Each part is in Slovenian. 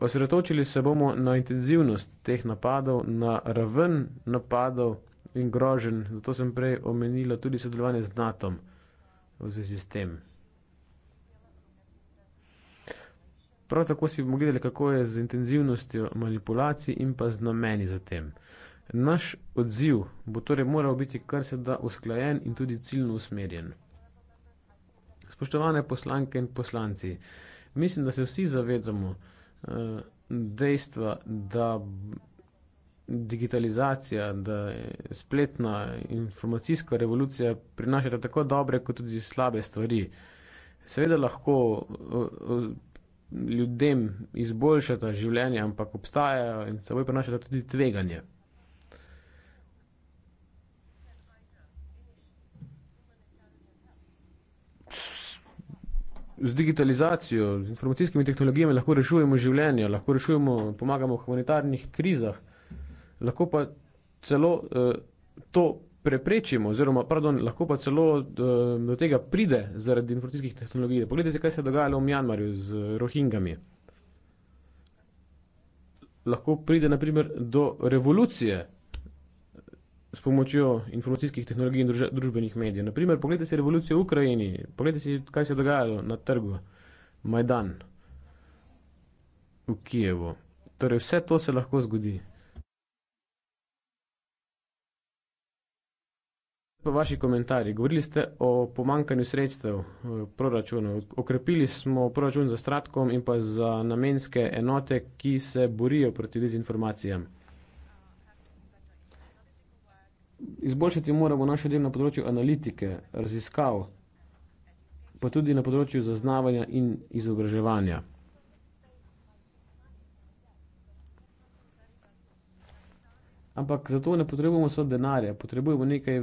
Osredotočili se bomo na intenzivnost teh napadov, na raven napadov in grožen, zato sem prej omenila tudi sodelovanje z NATO v zvezi s tem. Prav tako si bomo gledali, kako je z intenzivnostjo manipulacij in pa z nameni za tem. Naš odziv bo torej moral biti kar se da usklajen in tudi ciljno usmerjen. Spoštovane poslanke in poslanci, mislim, da se vsi zavedamo, dejstva, da digitalizacija, da spletna informacijska revolucija prinaša tako dobre kot tudi slabe stvari. Seveda lahko ljudem izboljšata življenje, ampak obstajajo in seboj prinašata tudi tveganje. z digitalizacijo, z informacijskimi tehnologijami lahko rešujemo življenje, lahko rešujemo, pomagamo v humanitarnih krizah, lahko pa celo uh, to preprečimo, oziroma, pardon, lahko pa celo eh, do tega pride zaradi informacijskih tehnologij. Poglejte, kaj se je dogajalo v Mjanmarju z rohingami. Lahko pride, naprimer, do revolucije s pomočjo informacijskih tehnologij in družbenih medijev. Naprimer, poglejte si revolucijo v Ukrajini, poglejte si, kaj se je dogajalo na trgu Majdan v Kijevu. Torej, vse to se lahko zgodi. Pa vaši komentarji. Govorili ste o pomankanju sredstev eh, proračunov. Okrepili smo proračun za stratkom in pa za namenske enote, ki se borijo proti dezinformacijam izboljšati moramo naše delo na področju analitike, raziskav, pa tudi na področju zaznavanja in izobraževanja. Ampak za to ne potrebujemo samo denarja, potrebujemo nekaj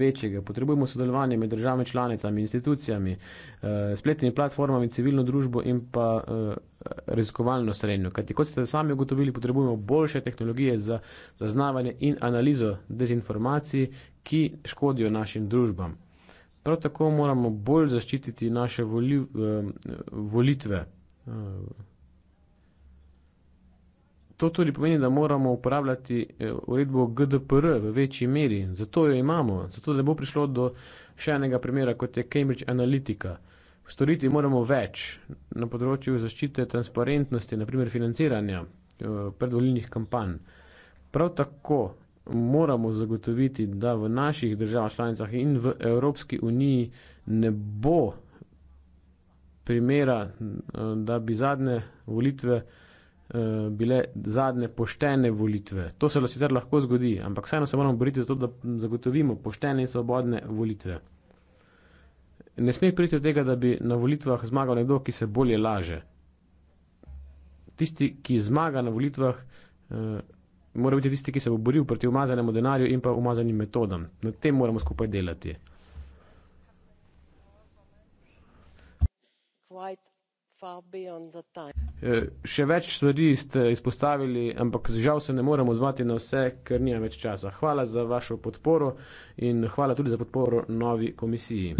večjega, potrebujemo sodelovanje med državami, članicami, institucijami, eh, spletnimi platformami, civilno družbo in pa eh, raziskovalno srednjo. Kajti, kot ste sami ugotovili, potrebujemo boljše tehnologije za zaznavanje in analizo dezinformacij, ki škodijo našim družbam. Prav tako moramo bolj zaščititi naše voli, eh, volitve. Eh, To tudi pomeni, da moramo uporabljati eh, uredbo GDPR v večji meri. Zato jo imamo, zato da bo prišlo do še enega primera, kot je Cambridge Analytica. Storiti moramo več na področju zaščite transparentnosti, naprimer financiranja eh, predvoljnih kampanj. Prav tako moramo zagotoviti, da v naših državah članicah in v Evropski uniji ne bo primera, eh, da bi zadnje volitve. Eh, bile zadnje poštene volitve. To se sicer lahko zgodi, ampak vseeno se moramo boriti za to, da zagotovimo poštene in svobodne volitve. Ne sme priti od tega, da bi na volitvah zmagal nekdo, ki se bolje laže. Tisti, ki zmaga na volitvah, eh, mora biti tisti, ki se bo boril proti umazanemu denarju in pa umazanim metodam. Na tem moramo skupaj delati. Quite Eh, še več stvari ste izpostavili, ampak žal se ne moremo zvati na vse, ker nima več časa. Hvala za vašo podporo in hvala tudi za podporo novi komisiji.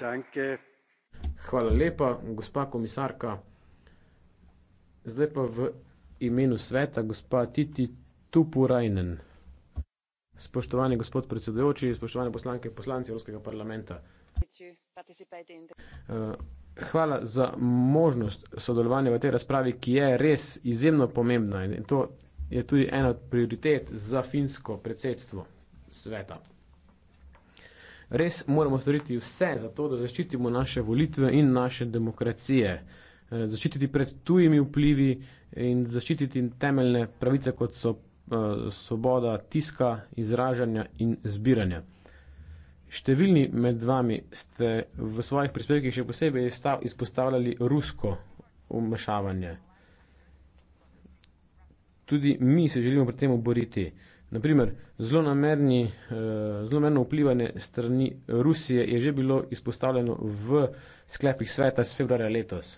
Danke. Hvala lepa, gospa komisarka. Zdaj pa v imenu sveta, gospa Titi Tupurajnen. Spoštovani gospod predsedujoči, spoštovane poslanke in poslanci Evropskega parlamenta. Hvala za možnost sodelovanja v tej razpravi, ki je res izjemno pomembna in to je tudi ena od prioritet za finsko predsedstvo sveta. Res moramo storiti vse za to, da zaščitimo naše volitve in naše demokracije. Eh, zaščititi pred tujimi vplivi in zaščititi temeljne pravice, kot so eh, svoboda tiska, izražanja in zbiranja. Številni med vami ste v svojih prispevkih še posebej izpostavljali rusko vmešavanje. Tudi mi se želimo pri tem oboriti. Naprimer, zlonamerni, eh, zlonamerno vplivanje strani Rusije je že bilo izpostavljeno v sklepih sveta z februarja letos.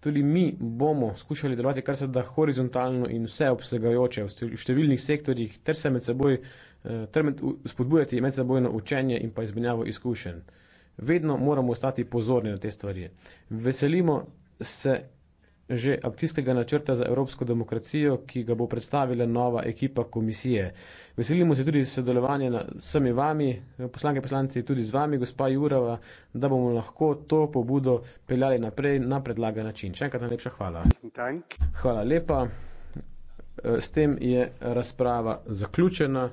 Tudi mi bomo skušali delovati kar se da horizontalno in vseobsegajoče v številnih sektorjih ter se med seboj Eh, spodbujati medsebojno učenje in pa izmenjavo izkušenj. Vedno moramo ostati pozorni na te stvari. Veselimo se že akcijskega načrta za evropsko demokracijo, ki ga bo predstavila nova ekipa komisije. Veselimo se tudi sodelovanja s vsemi vami, eh, poslanke poslanci, tudi z vami, gospa Jurava, da bomo lahko to pobudo peljali naprej na predlagan način. Še enkrat najlepša hvala. Hvala lepa. Eh, s tem je razprava zaključena.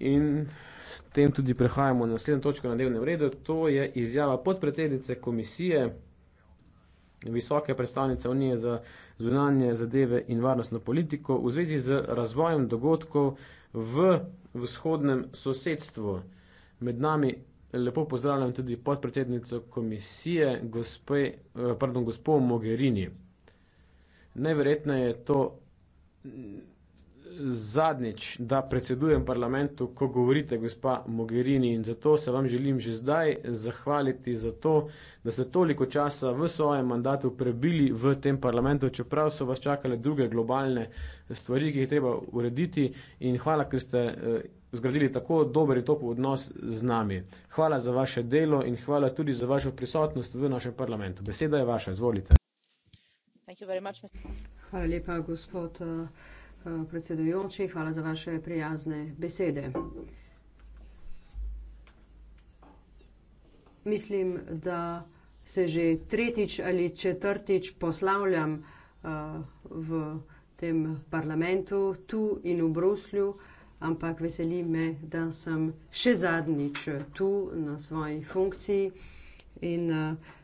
In s tem tudi prehajamo na naslednjo točko na dnevnem redu. To je izjava podpredsednice komisije, visoke predstavnice Unije za zunanje zadeve in varnostno politiko v zvezi z razvojem dogodkov v vzhodnem sosedstvu. Med nami lepo pozdravljam tudi podpredsednico komisije, gospe, eh, pardon, gospo Mogherini. Najverjetneje je to zadnjič, da predsedujem parlamentu, ko govorite, gospa Mogherini, in zato se vam želim že zdaj zahvaliti za to, da ste toliko časa v svojem mandatu prebili v tem parlamentu, čeprav so vas čakale druge globalne stvari, ki jih treba urediti in hvala, ker ste eh, zgradili tako dober in top odnos z nami. Hvala za vaše delo in hvala tudi za vašo prisotnost v našem parlamentu. Beseda je vaša, izvolite. Thank you very much, Mr. Hvala lepa, gospod. Uh... Eh, predsedujoči, hvala za vaše prijazne besede. Mislim, da se že tretjič ali četrtič poslavljam eh, v tem parlamentu, tu in v Bruslju, ampak veseli me, da sem še zadnjič tu na svoji funkciji in da eh,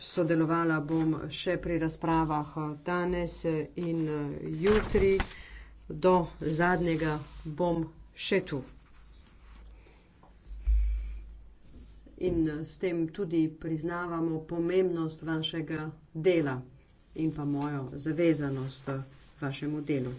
sodelovala bom še pri razpravah danes in jutri. Do zadnjega bom še tu. In s tem tudi priznavamo pomembnost vašega dela in pa mojo zavezanost vašemu delu.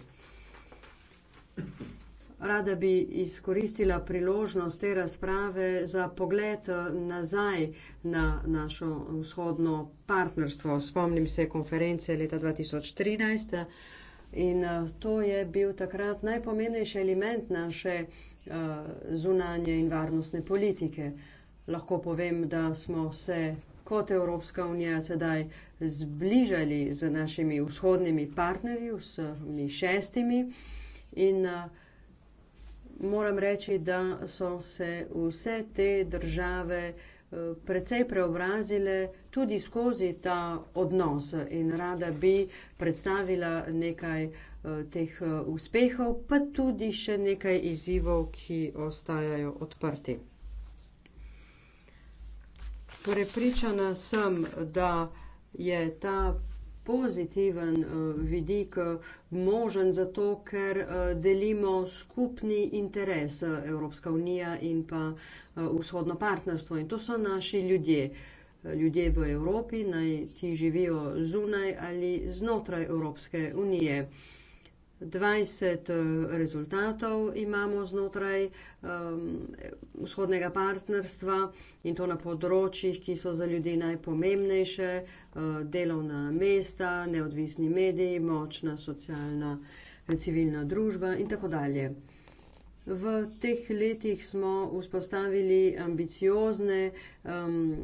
Thank you. Rada bi izkoristila priložnost te razprave za pogled eh, nazaj na našo vzhodno partnerstvo. Spomnim se konference leta 2013 eh, in eh, to je bil takrat najpomembnejši element naše zunanje in varnostne politike. Lahko povem, da smo se kot Evropska unija sedaj zbližali z našimi vzhodnimi partnerji, s šestimi in moram reči, da so se vse te države eh, precej preobrazile tudi skozi ta odnos in rada bi predstavila nekaj eh, teh eh, uspehov, pa tudi še nekaj izzivov, ki ostajajo odprti. Prepričana sem, da je ta pozitiven eh, vidik eh, možen zato, ker eh, delimo skupni interes Evropska unija in pa vzhodno partnerstvo. In to so naši ljudje. Ljudje v Evropi, naj ti živijo zunaj ali znotraj Evropske unije. 20 eh, rezultatov imamo znotraj um, vzhodnega partnerstva in to na področjih, ki so za ljudi najpomembnejše, uh, delovna mesta, neodvisni mediji, močna socialna in eh, civilna družba in tako dalje. V teh letih smo vzpostavili ambiciozne um,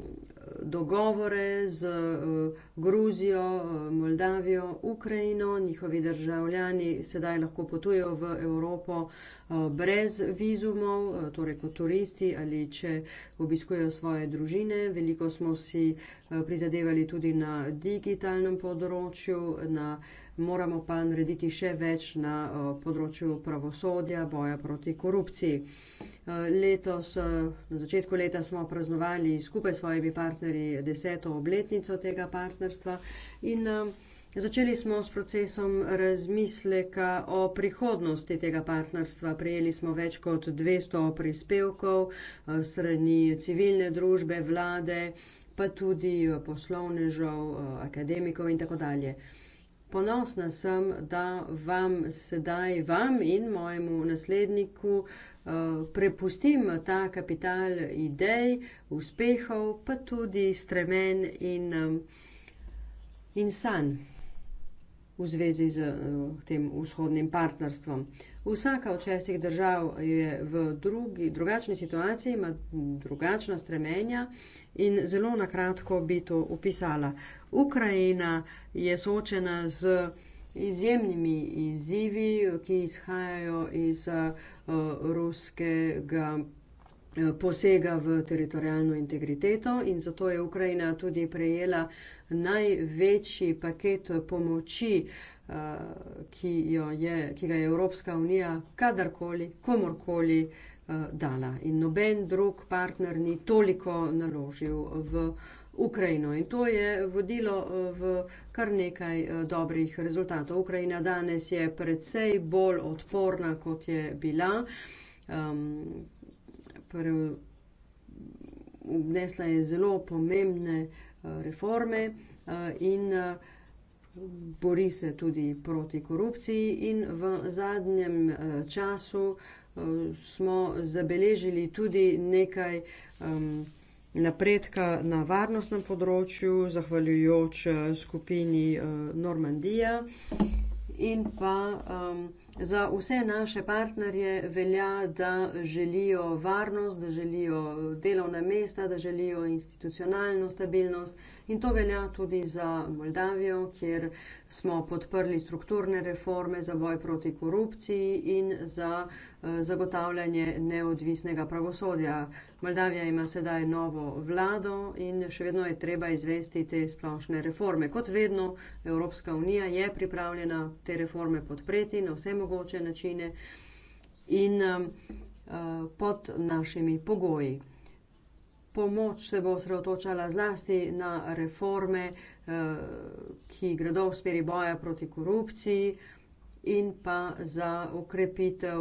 dogovore z eh, Gruzijo, eh, Moldavijo, Ukrajino. Njihovi državljani sedaj lahko potujejo v Evropo eh, brez vizumov, torej kot turisti ali če obiskujejo svoje družine. Veliko smo si prizadevali tudi na digitalnem področju, na moramo pa narediti še več na področju pravosodja, boja proti korupciji. Letos, na začetku leta smo praznovali skupaj s svojimi partnerji deseto obletnico tega partnerstva in Začeli smo s procesom razmisleka o prihodnosti tega partnerstva. Prijeli smo več kot 200 prispevkov strani civilne družbe, vlade, pa tudi poslovnežev, akademikov in tako dalje ponosna sem, da vam sedaj, vam in mojemu nasledniku, eh, prepustim ta kapital idej, uspehov, pa tudi stremen in, eh, in sanj v zvezi z eh, tem vzhodnim partnerstvom. Vsaka od šestih držav je v drugi, drugačni situaciji, ima drugačna stremenja in zelo na kratko bi to upisala. Ukrajina je soočena z izjemnimi izzivi, ki izhajajo iz eh, ruskega eh, posega v teritorijalno integriteto in zato je Ukrajina tudi prejela največji paket pomoči, eh, ki, jo je, ki ga je Evropska unija kadarkoli, komorkoli dala. In noben drug partner ni toliko naložil v Ukrajino. Ukrajino in to je vodilo eh, v kar nekaj eh, dobrih rezultatov. Ukrajina danes je predvsej bolj odporna, kot je bila. Um, pre, vnesla je zelo pomembne eh, reforme in bori se tudi proti korupciji in v zadnjem času smo zabeležili tudi nekaj um, napredka na varnostnem področju, zahvaljujoč eh, skupini eh, Normandija. In pa um, za vse naše partnerje velja, da želijo varnost, da želijo delovna mesta, da želijo institucionalno stabilnost. Uh, In to velja tudi za Moldavijo, kjer smo podprli strukturne reforme za boj proti korupciji in za eh, zagotavljanje neodvisnega pravosodja. Moldavija ima sedaj novo vlado in še vedno je treba izvesti te splošne reforme. Kot vedno, Evropska unija je pripravljena te reforme podpreti na vse mogoče načine in eh, pod našimi pogoji pomoč se bo osredotočala zlasti na reforme, eh, ki gredo v smeri boja proti korupciji in pa za ukrepitev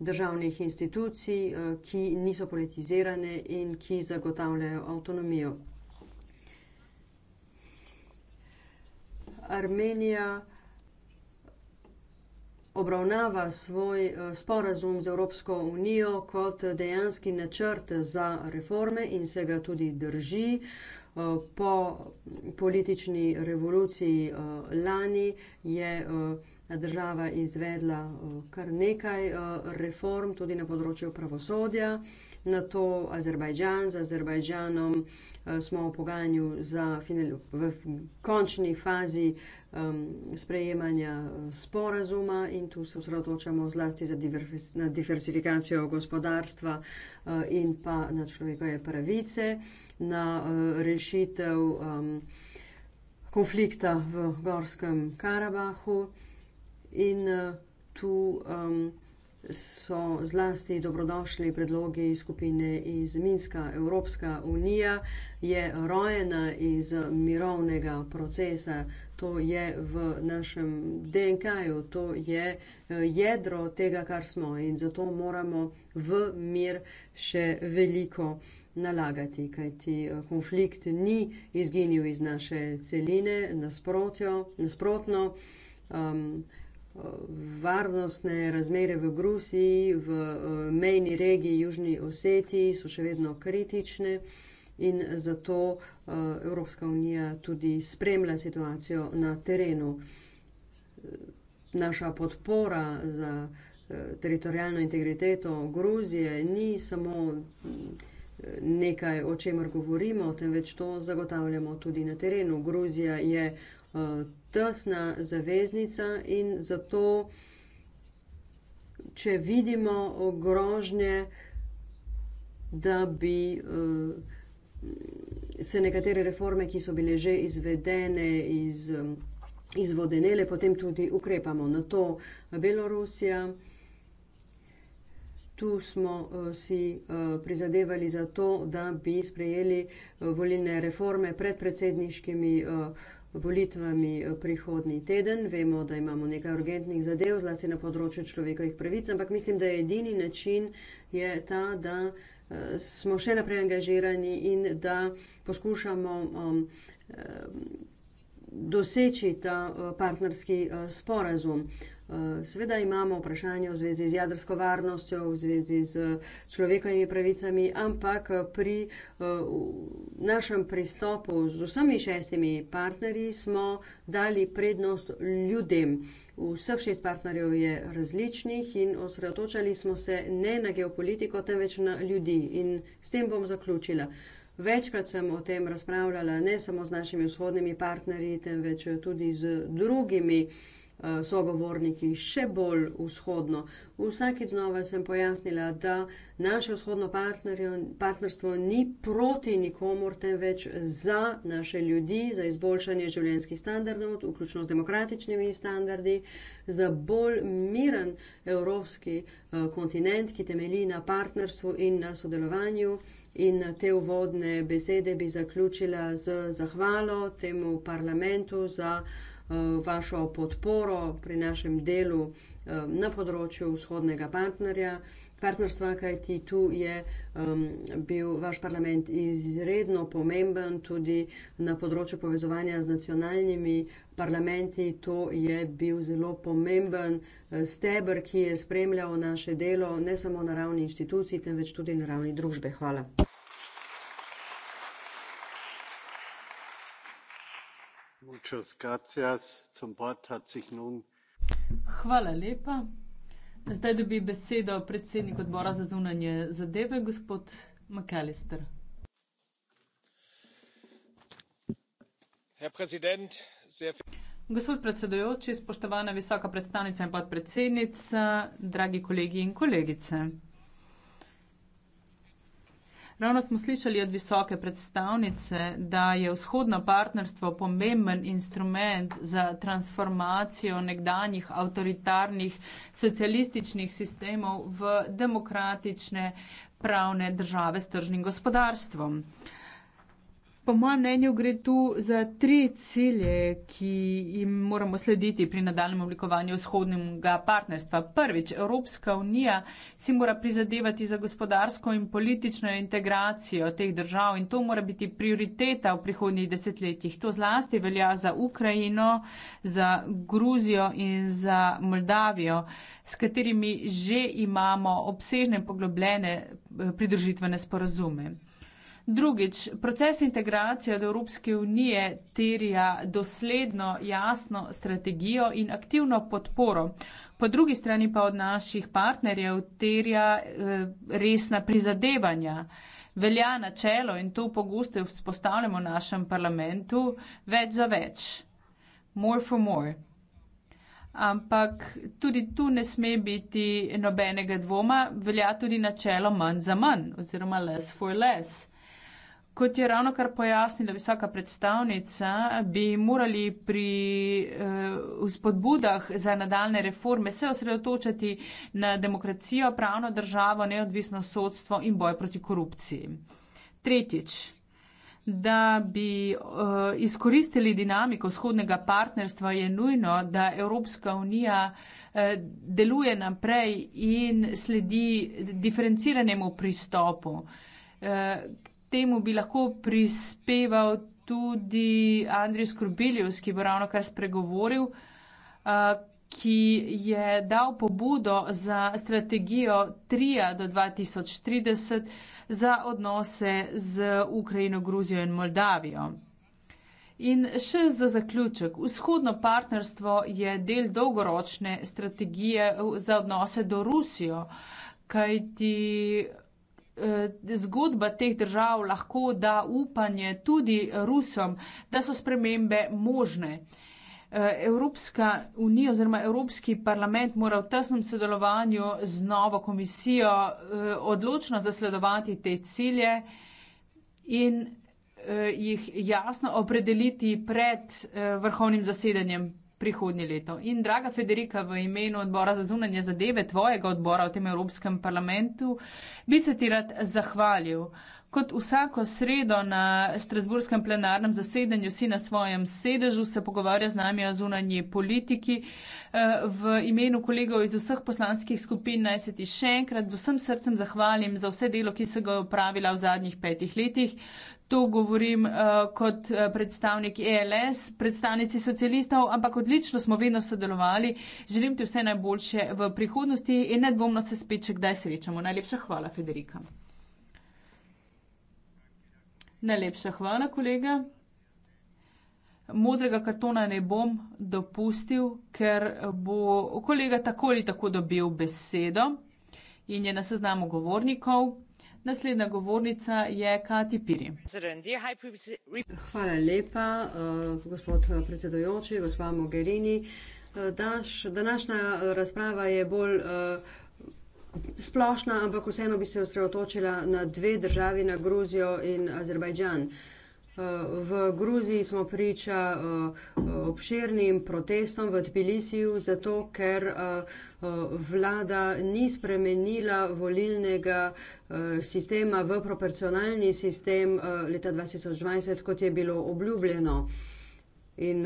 državnih institucij, eh, ki niso politizirane in ki zagotavljajo avtonomijo. Armenija obravnava svoj eh, sporazum z Evropsko unijo kot dejanski načrt za reforme in se ga tudi drži. Eh, po politični revoluciji eh, lani je država izvedla kar nekaj reform, tudi na področju pravosodja na to Azerbajdžan, z Azerbajdžanom eh, smo v pogajanju za final, v končni fazi um, sprejemanja eh, sporazuma in tu se osredotočamo zlasti na diversifikacijo gospodarstva uh, in pa na človekove pravice, na uh, rešitev um, konflikta v Gorskem Karabahu in uh, tu um, so zlasti dobrodošli predlogi skupine iz Minska. Evropska unija je rojena iz mirovnega procesa. To je v našem DNK-ju, to je eh, jedro tega, kar smo in zato moramo v mir še veliko nalagati, kajti eh, konflikt ni izginil iz naše celine, nasprotno. Um, Varnostne razmere v Gruziji, v eh, mejni regiji Južni Osetiji so še vedno kritične in zato eh, Evropska unija tudi spremlja situacijo na terenu. Naša podpora za eh, teritorijalno integriteto Gruzije ni samo mm, nekaj, o čemer govorimo, temveč to zagotavljamo tudi na terenu. Gruzija je tesna zaveznica in zato, če vidimo grožnje, da bi eh, se nekatere reforme, ki so bile že izvedene iz, eh, iz vodenele, potem tudi ukrepamo na to Belorusija. Tu smo eh, si prizadevali za to, da bi sprejeli volilne reforme pred predsedniškimi volitvami eh, prihodni teden. Vemo, da imamo nekaj urgentnih zadev, zlasti na področju človekovih pravic, ampak mislim, da je edini način je ta, da eh, smo še naprej angažirani in da poskušamo um, eh, doseči ta partnerski sporazum. Seveda imamo vprašanje v zvezi z jadrsko varnostjo, v zvezi z človekovimi pravicami, ampak pri eh, našem pristopu z vsemi šestimi partnerji smo dali prednost ljudem. Vseh šest partnerjev je različnih in osredotočali smo se ne na geopolitiko, temveč na ljudi. In s tem bom zaključila. Večkrat sem o tem razpravljala ne samo z našimi vzhodnimi partnerji, temveč tudi z drugimi. Eh, sogovorniki še bolj vzhodno. Vsaki znova sem pojasnila, da naše vzhodno partnerstvo ni proti nikomor, temveč za naše ljudi, za izboljšanje življenjskih standardov, vključno z demokratičnimi standardi, za bolj miren evropski eh, kontinent, ki temelji na partnerstvu in na sodelovanju. In te uvodne besede bi zaključila z zahvalo temu parlamentu za Eh, vašo podporo pri našem delu eh, na področju vzhodnega partnerja. Partnerstva, kaj ti tu je um, bil vaš parlament izredno pomemben tudi na področju povezovanja z nacionalnimi parlamenti. To je bil zelo pomemben eh, steber, ki je spremljal naše delo ne samo na ravni inštitucij, temveč tudi na ravni družbe. Hvala. Hvala lepa. Zdaj dobi besedo predsednik odbora za zunanje zadeve, gospod McAllister. Gospod predsedujoči, spoštovana visoka predstavnica in podpredsednica, dragi kolegi in kolegice. Ravno smo slišali od visoke predstavnice, da je vzhodno partnerstvo pomemben instrument za transformacijo nekdanjih avtoritarnih socialističnih sistemov v demokratične pravne države s tržnim gospodarstvom. Po mojem mnenju gre tu za tri cilje, ki jim moramo slediti pri nadaljem oblikovanju vzhodnjega partnerstva. Prvič, Evropska unija si mora prizadevati za gospodarsko in politično integracijo teh držav in to mora biti prioriteta v prihodnjih desetletjih. To zlasti velja za Ukrajino, za Gruzijo in za Moldavijo, s katerimi že imamo obsežne poglobljene eh, pridružitvene sporazume. Drugič, proces integracije do Evropske unije terja dosledno, jasno strategijo in aktivno podporo. Po drugi strani pa od naših partnerjev terja eh, resna prizadevanja. Velja načelo in to pogosto vzpostavljamo v našem parlamentu več za več. More for more. Ampak tudi tu ne sme biti nobenega dvoma, velja tudi načelo manj za manj oziroma less for less. Kot je ravno kar pojasnila visoka predstavnica, bi morali pri eh, spodbudah za nadaljne reforme se osredotočati na demokracijo, pravno državo, neodvisno sodstvo in boj proti korupciji. Tretjič, da bi eh, izkoristili dinamiko vzhodnega partnerstva, je nujno, da Evropska unija eh, deluje naprej in sledi diferenciranemu pristopu. Eh, temu bi lahko prispeval tudi Andrej Skrubiljus, ki bo ravno kar spregovoril, ki je dal pobudo za strategijo 3 do 2030 za odnose z Ukrajino, Gruzijo in Moldavijo. In še za zaključek. Vzhodno partnerstvo je del dolgoročne strategije za odnose do Rusijo, kajti Eh, zgodba teh držav lahko da upanje tudi Rusom, da so spremembe možne. Eh, Evropska unija oziroma Evropski parlament mora v tesnem sodelovanju z novo komisijo eh, odločno zasledovati te cilje in jih jasno opredeliti pred vrhovnim zasedanjem prihodnje leto. In draga Federika, v imenu odbora za zunanje zadeve tvojega odbora v tem Evropskem parlamentu, bi se ti rad zahvalil. Kot vsako sredo na Strasburskem plenarnem zasedanju si na svojem sedežu se pogovarja z nami o zunanji politiki. Eh, v imenu kolegov iz vseh poslanskih skupin naj se ti še enkrat z vsem srcem zahvalim za vse delo, ki se ga je upravila v zadnjih petih letih. To govorim uh, kot eh, predstavnik ELS, predstavnici socialistov, ampak odlično smo vedno sodelovali. Želim ti vse najboljše v prihodnosti in nedvomno se spet, če kdaj srečamo. Najlepša hvala, Federika. Najlepša hvala, kolega. Modrega kartona ne bom dopustil, ker bo kolega tako ali tako dobil besedo in je na seznamu govornikov. Naslednja govornica je Kati Piri. Hvala lepa, eh, gospod predsedojoči, gospa Mogherini. Eh, današnja razprava je bolj eh, splošna, ampak vseeno bi se osredotočila na dve državi, na Gruzijo in Azerbajdžan. Eh, v Gruziji smo priča eh, obširnim protestom v Tbilisiju, zato ker eh, vlada ni spremenila volilnega sistema v proporcionalni sistem leta 2020, kot je bilo obljubljeno. In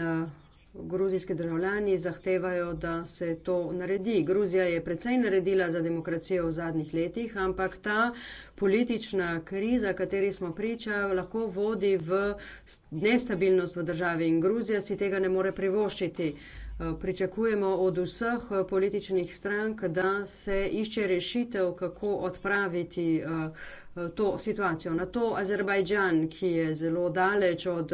Gruzijski državljani zahtevajo, da se to naredi. Gruzija je precej naredila za demokracijo v zadnjih letih, ampak ta politična kriza, kateri smo priča, lahko vodi v nestabilnost v državi in Gruzija si tega ne more privoščiti. Eh, pričakujemo od vseh eh, političnih strank, da se išče rešitev, kako odpraviti eh, to situacijo. Na to Azerbajdžan, ki je zelo daleč od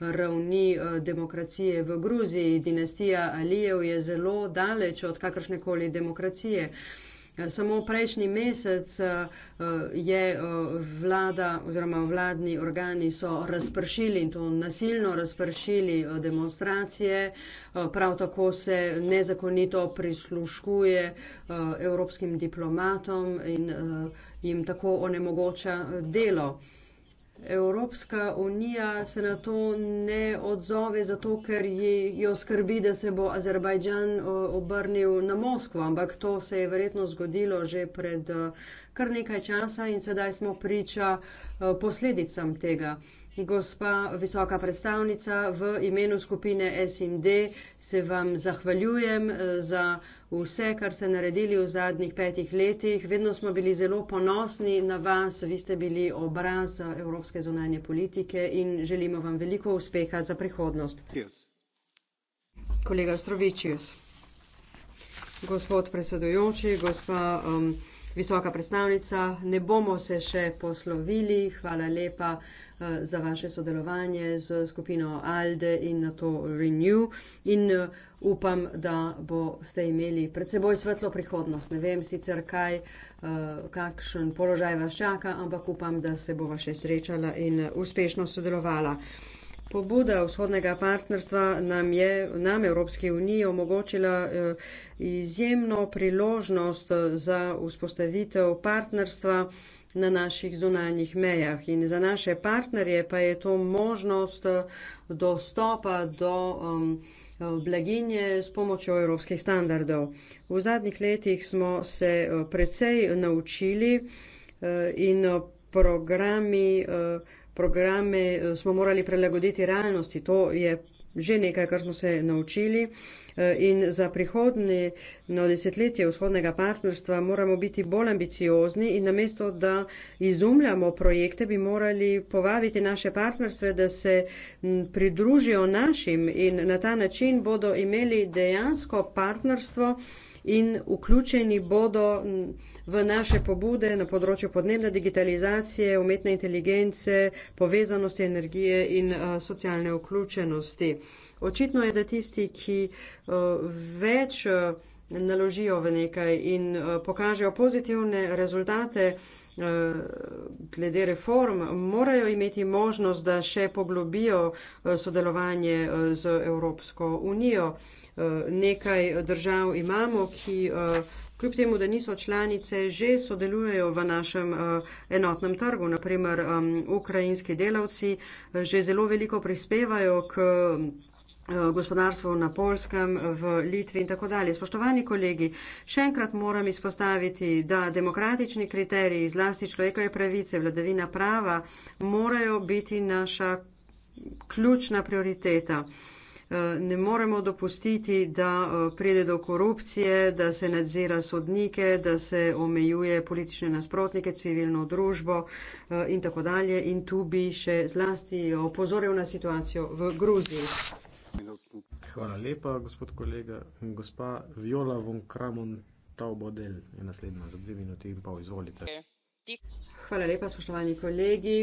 ravni demokracije v Gruziji, dinastija Alijev je zelo daleč od kakršnekoli demokracije. Samo prejšnji mesec eh, je eh, vlada oziroma vladni organi so razpršili in to nasilno razpršili eh, demonstracije. Prav tako se nezakonito prisluškuje evropskim diplomatom in jim tako onemogoča delo. Evropska unija se na to ne odzove, zato ker jo skrbi, da se bo Azerbajdžan obrnil na Moskvo, ampak to se je verjetno zgodilo že pred kar nekaj časa in sedaj smo priča posledicam tega. Gospa visoka predstavnica, v imenu skupine SND se vam zahvaljujem eh, za vse, kar ste naredili v zadnjih petih letih. Vedno smo bili zelo ponosni na vas, vi ste bili obraz eh, evropske zunanje politike in želimo vam veliko uspeha za prihodnost. Yes. Kolega Strovičius, gospod predsedujoči, gospa. Um, visoka predstavnica, ne bomo se še poslovili. Hvala lepa eh, za vaše sodelovanje z skupino ALDE in na to Renew. In eh, upam, da boste imeli pred seboj svetlo prihodnost. Ne vem sicer, kaj, eh, kakšen položaj vas čaka, ampak upam, da se bova še srečala in uspešno sodelovala. Pobuda vzhodnega partnerstva nam je, nam Evropski uniji, omogočila eh, izjemno priložnost eh, za vzpostavitev partnerstva na naših zunanjih mejah. In za naše partnerje pa je to možnost eh, dostopa do um, blaginje s pomočjo evropskih standardov. V zadnjih letih smo se precej naučili uh, in programi. Uh, programe eh, smo morali prilagoditi realnosti. To je že nekaj, kar smo se naučili. Eh, in za prihodnje no, desetletje vzhodnega partnerstva moramo biti bolj ambiciozni in namesto, da izumljamo projekte, bi morali povabiti naše partnerstve, da se pridružijo našim in na ta način bodo imeli dejansko partnerstvo in vključeni bodo v naše pobude na področju podnebne digitalizacije, umetne inteligence, povezanosti energije in uh, socialne vključenosti. Očitno je, da tisti, ki uh, več uh, naložijo v nekaj in uh, pokažejo pozitivne rezultate glede reform, morajo imeti možnost, da še poglobijo sodelovanje z Evropsko unijo nekaj držav imamo, ki eh, kljub temu, da niso članice, že sodelujejo v našem eh, enotnem trgu. Naprimer, ukrajinski delavci eh, že zelo veliko prispevajo k gospodarstvo na Polskem, v Litvi in tako dalje. Spoštovani kolegi, še enkrat moram izpostaviti, da demokratični kriteriji, zlasti človekove pravice, vladavina prava, morajo biti naša ključna prioriteta. Eh, ne moremo dopustiti, da eh, pride do korupcije, da se nadzira sodnike, da se omejuje politične nasprotnike, civilno družbo eh, in tako dalje. In tu bi še zlasti opozoril na situacijo v Gruziji. Hvala lepa, gospod kolega. Gospa Viola von Kramon Taubodel je naslednja za dve minuti in pol. Izvolite. Hvala lepa, spoštovani kolegi.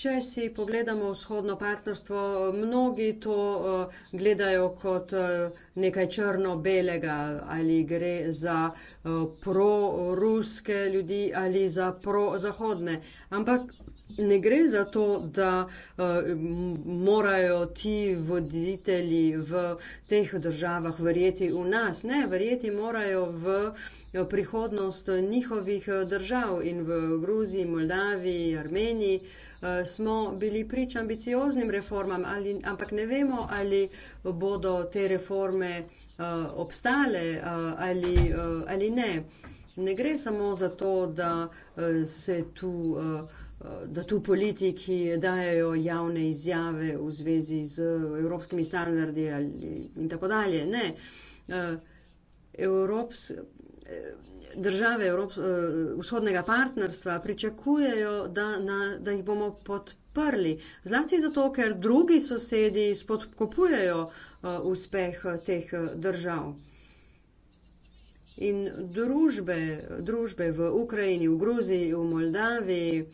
Če si pogledamo vzhodno partnerstvo, mnogi to eh, gledajo kot eh, nekaj črno-belega, ali gre za eh, pro-ruske ljudi ali za pro-zahodne. Ampak Ne gre za to, da uh, morajo ti voditelji v teh državah verjeti v nas. Ne, verjeti morajo v eh, prihodnost njihovih eh, držav in v Gruziji, Moldaviji, Armeniji uh, smo bili priča ambicioznim reformam, ali, ampak ne vemo, ali bodo te reforme uh, obstale uh, ali, uh, ali ne. Ne gre samo za to, da uh, se tu. Uh, da tu politiki dajo javne izjave v zvezi z evropskimi standardi in tako dalje. Ne. Eh, Evrops, države Evrops, eh, vzhodnega partnerstva pričakujejo, da, na, da jih bomo podprli. Zlasti zato, ker drugi sosedi spodkopujejo eh, uspeh teh držav. In družbe, družbe v Ukrajini, v Gruziji, v Moldaviji,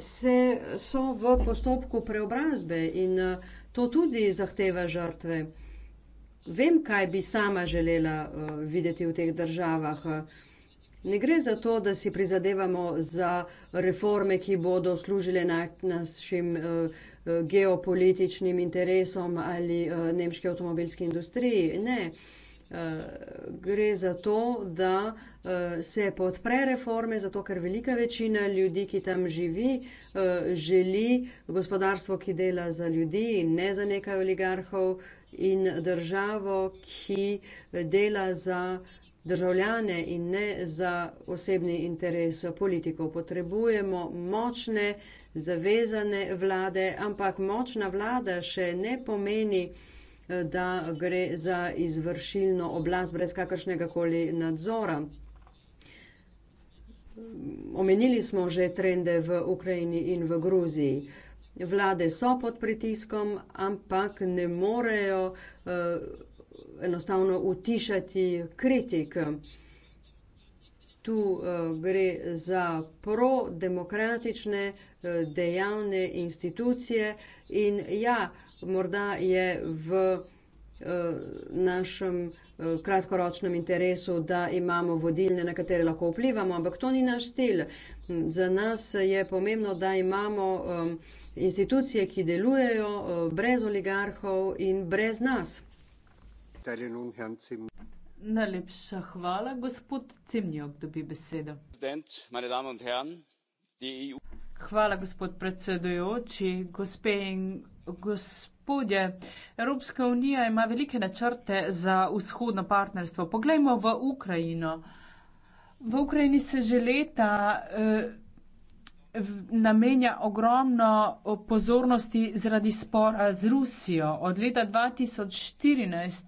se, so v postopku preobrazbe in to tudi zahteva žrtve. Vem, kaj bi sama želela eh, videti v teh državah. Ne gre za to, da si prizadevamo za reforme, ki bodo služile našim eh, geopolitičnim interesom ali eh, nemški avtomobilski industriji. Ne gre za to, da eh, se podpre reforme, zato ker velika večina ljudi, ki tam živi, eh, želi gospodarstvo, ki dela za ljudi in ne za nekaj oligarhov in državo, ki dela za državljane in ne za osebni interes politikov. Potrebujemo močne, zavezane vlade, ampak močna vlada še ne pomeni, da gre za izvršilno oblast brez kakršnega koli nadzora. Omenili smo že trende v Ukrajini in v Gruziji. Vlade so pod pritiskom, ampak ne morejo eh, enostavno utišati kritik. Tu eh, gre za prodemokratične eh, dejavne institucije in ja, eh, morda je v eh, našem eh, kratkoročnem interesu, da imamo vodilne, na katere lahko vplivamo, ampak to ni naš stil. Hm, za nas je pomembno, da imamo ehm, institucije, ki delujejo eh, brez oligarhov in brez nas. Najlepša hvala, gospod Cimnjok, dobi besedo. Hvala, gospod predsedujoči, gospe in gospodje. Evropska unija ima velike načrte za vzhodno partnerstvo. Poglejmo v Ukrajino. V Ukrajini se že leta eh, namenja ogromno pozornosti zaradi spora z Rusijo. Od leta 2014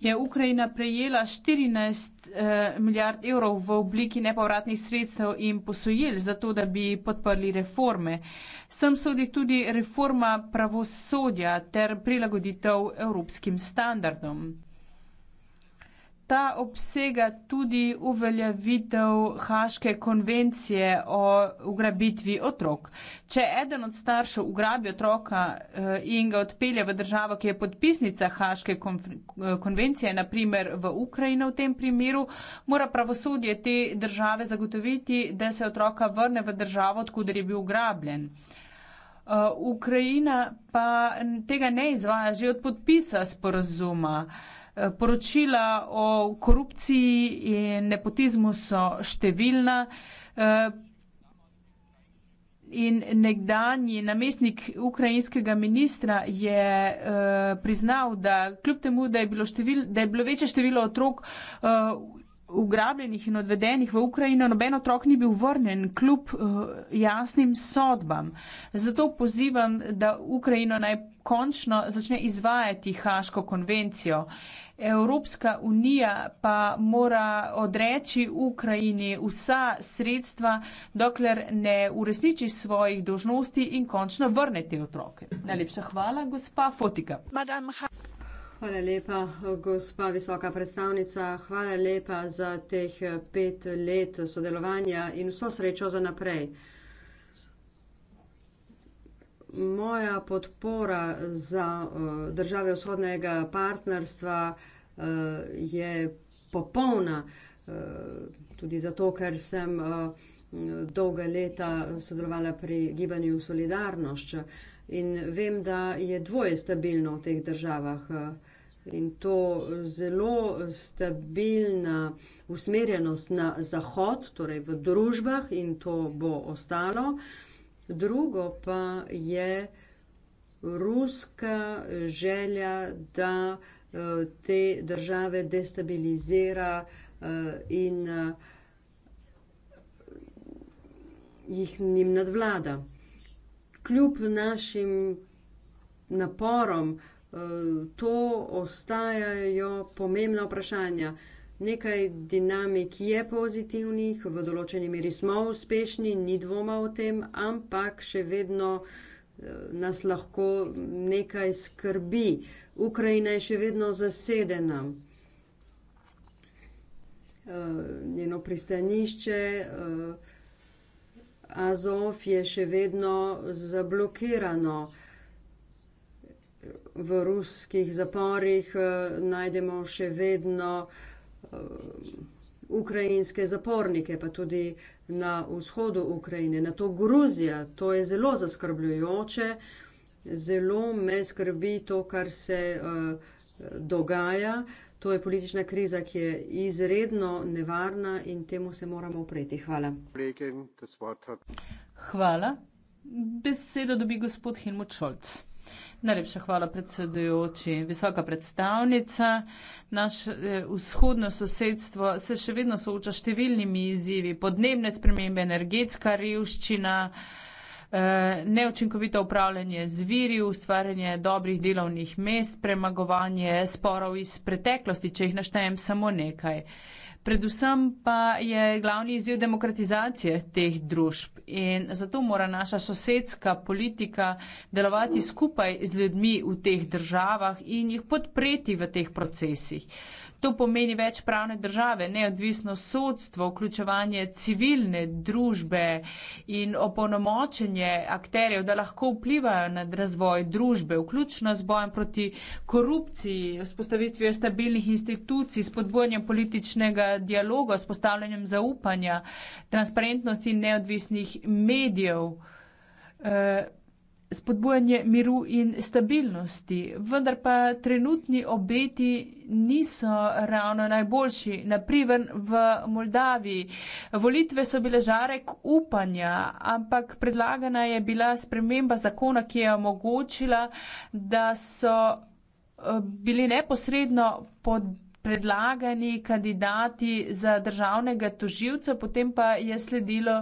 je Ukrajina prejela 14 eh, milijard evrov v obliki nepovratnih sredstev in posojil za to, da bi podprli reforme. Sem sodi tudi reforma pravosodja ter prilagoditev evropskim standardom ta obsega tudi uveljavitev Haške konvencije o ugrabitvi otrok. Če eden od staršev ugrabi otroka eh, in ga odpelje v državo, ki je podpisnica Haške eh, konvencije, naprimer v Ukrajino v tem primeru, mora pravosodje te države zagotoviti, da se otroka vrne v državo, odkuder je bil ugrabljen. Eh, Ukrajina pa tega ne izvaja že od podpisa sporozuma. Poročila o korupciji in nepotizmu so številna. Eh, in nekdanji namestnik ukrajinskega ministra je uh, priznal, da kljub temu, da je bilo, števil, da je bilo večje število otrok uh, ugrabljenih in odvedenih v Ukrajino, noben otrok ni bil vrnen kljub uh, jasnim sodbam. Zato pozivam, da Ukrajino naj končno začne izvajati Haško konvencijo. Uh, Evropska unija pa mora odreči Ukrajini vsa sredstva, dokler ne uresniči svojih dožnosti in končno vrne te otroke. Najlepša hvala, gospa Fotika. Madame. Hvala lepa, gospa visoka predstavnica. Hvala lepa za teh pet let sodelovanja in vso srečo za naprej moja podpora za eh, države vzhodnega partnerstva eh, je popolna, eh, tudi zato, ker sem dolga leta sodelovala pri gibanju Solidarnost in vem, da je dvoje stabilno v teh državah. In to zelo stabilna usmerjenost na zahod, torej v družbah, in to bo ostalo drugo pa je ruska želja, da eh, te države destabilizira eh, in eh, jih njim nadvlada. Kljub našim naporom to ostajajo pomembna vprašanja nekaj dinamik je pozitivnih, v določeni meri smo uspešni, ni dvoma o tem, ampak še vedno eh, nas lahko nekaj skrbi. Ukrajina je še vedno zasedena. Eh, njeno pristanišče eh, Azov je še vedno zablokirano. V ruskih zaporih najdemo še vedno Eh, ukrajinske zapornike, pa tudi na vzhodu Ukrajine, na to Gruzija. To je zelo zaskrbljujoče, zelo me skrbi to, kar se eh, dogaja. To je politična kriza, ki je izredno nevarna in temu se moramo upreti. Hvala. Hvala. Besedo dobi gospod Helmut Scholz. Najlepša hvala, predsedujoči. Visoka predstavnica, naše eh, vzhodno sosedstvo se še vedno sooča s številnimi izzivi. Podnebne spremembe, energetska revščina, eh, neučinkovito upravljanje z viri, ustvarjanje dobrih delovnih mest, premagovanje sporov iz preteklosti, če jih naštejem samo nekaj. Predvsem pa je glavni izziv demokratizacije teh družb in zato mora naša sosedska politika delovati skupaj z ljudmi v teh državah in jih podpreti v teh procesih. To pomeni več pravne države, neodvisno sodstvo, vključevanje civilne družbe in opolnomočenje akterjev, da lahko vplivajo na razvoj družbe, vključno z bojem proti korupciji, vzpostavitvijo stabilnih institucij, spodbojanjem političnega dialoga, s postavljanjem zaupanja, transparentnosti neodvisnih medijev, eh, spodbujanje miru in stabilnosti. Vendar pa trenutni obeti niso ravno najboljši. Naprimer v Moldaviji. Volitve so bile žarek upanja, ampak predlagana je bila sprememba zakona, ki je omogočila, da so eh, bili neposredno pod predlagani kandidati za državnega toživca, potem pa je sledilo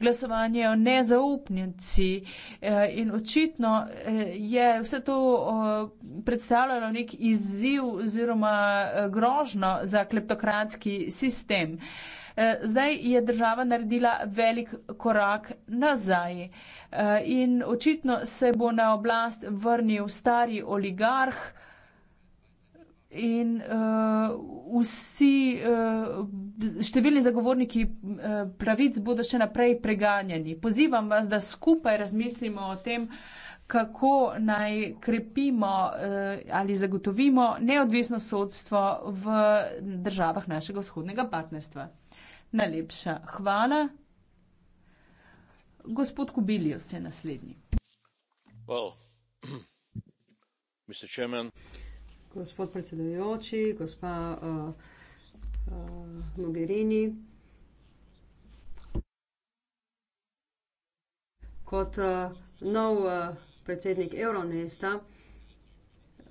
glasovanje o nezaupnici eh, in očitno eh, je vse to eh, predstavljalo nek izziv oziroma grožno za kleptokratski sistem. Zdaj je država naredila velik korak nazaj in očitno se bo na oblast vrnil stari oligarh, In uh, vsi uh, številni zagovorniki uh, pravic bodo še naprej preganjani. Pozivam vas, da skupaj razmislimo o tem, kako naj krepimo uh, ali zagotovimo neodvisno sodstvo v državah našega vzhodnega partnerstva. Najlepša hvala. Gospod Kubilijo, se naslednji. Hvala. Well. gospod predsedujoči, gospa uh, uh, Mogherini. Kot uh, nov predsednik Euronesta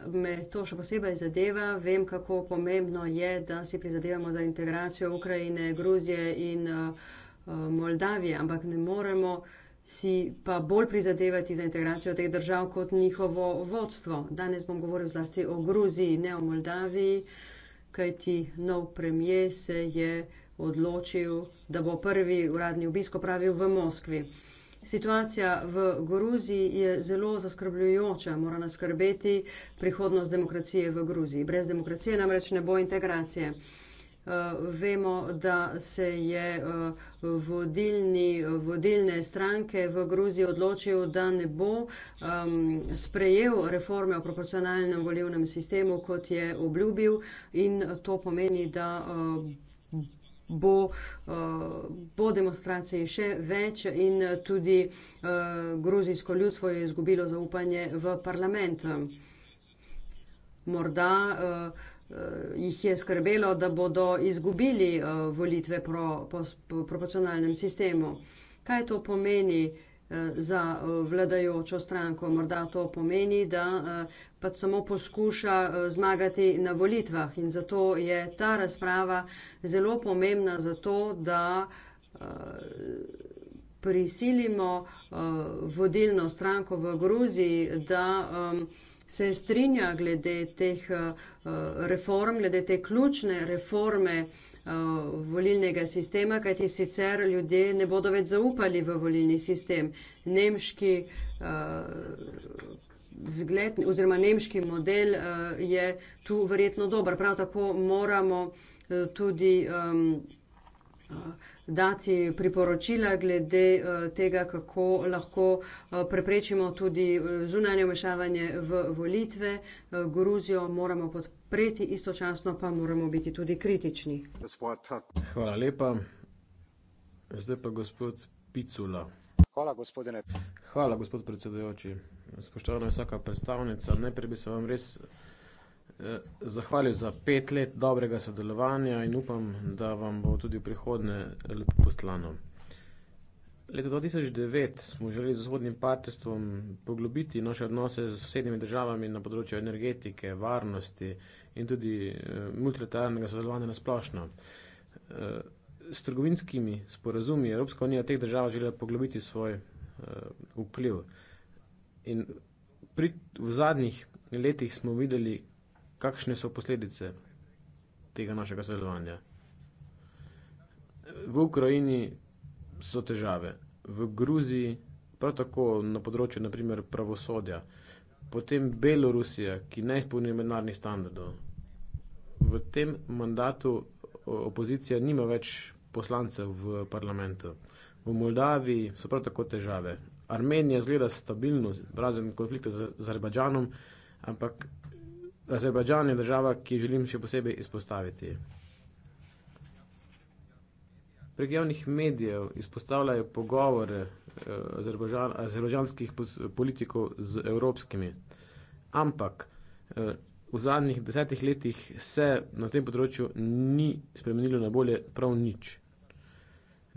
me to še posebej zadeva, vem, kako pomembno je, da si prizadevamo za integracijo Ukrajine, Gruzije in Moldavije, ampak ne moremo si pa bolj prizadevati za integracijo teh držav kot njihovo vodstvo. Danes bom govoril zlasti o Gruziji, ne o Moldaviji, kajti nov premijer se je odločil, da bo prvi uradni obisk opravil v Moskvi. Situacija v Gruziji je zelo zaskrbljujoča, mora nas skrbeti prihodnost demokracije v Gruziji. Brez demokracije namreč ne bo integracije. Eh, vemo, da se je eh, vodilni, vodilne stranke v Gruziji odločil, da ne bo sprejel reforme o proporcionalnem volivnem sistemu, kot je obljubil in to pomeni, da eh, bo, bo demonstracije še več in tudi gruzijsko ljudstvo je izgubilo zaupanje v parlament. Morda uh, Eh, jih je skrbelo, da bodo izgubili eh, volitve pro, po, po proporcionalnem sistemu. Kaj to pomeni eh, za vladajočo stranko? Morda to pomeni, da pač samo poskuša zmagati na volitvah in zato je ta razprava zelo pomembna za to, da prisilimo vodilno stranko v Gruziji, da se strinja glede teh eh, reform, glede te ključne reforme eh, volilnega sistema, kajti sicer ljudje ne bodo več zaupali v volilni sistem. Nemški eh, zgled oziroma nemški model je tu verjetno dober. Prav tako moramo tudi Eh, dati priporočila glede eh, tega, kako lahko eh, preprečimo tudi zunanje vmešavanje v volitve. Gruzijo moramo podpreti, istočasno pa moramo biti tudi kritični. Hvala lepa. Zdaj pa gospod Picula. Hvala, gospodine. Hvala, gospod predsedujoči. Spoštovana vsaka predstavnica, najprej bi se vam res. Eh, zahvalil za pet let dobrega sodelovanja in upam, da vam bo tudi v prihodnje lepo poslano. Leta 2009 smo želeli z vzhodnim partnerstvom poglobiti naše odnose z sosednjimi državami na področju energetike, varnosti in tudi eh, multilateralnega sodelovanja na splošno. Eh, s trgovinskimi sporazumi Evropska unija teh držav želela poglobiti svoj vpliv. In pri, v zadnjih letih smo videli, kakšne so posledice tega našega sodelovanja. V Ukrajini so težave, v Gruziji, prav tako na področju naprimer, pravosodja, potem Belorusija, ki ne izpolnjuje mednarodnih standardov. V tem mandatu opozicija nima več poslancev v parlamentu. V Moldaviji so prav tako težave. Armenija zgleda stabilno, razen konflikta z Azerbajdžanom, ampak Azerbajdžan je država, ki želim še posebej izpostaviti. Prek javnih medijev izpostavljajo pogovor eh, azerbajdžanskih politikov z evropskimi. Ampak eh, v zadnjih desetih letih se na tem področju ni spremenilo na bolje prav nič.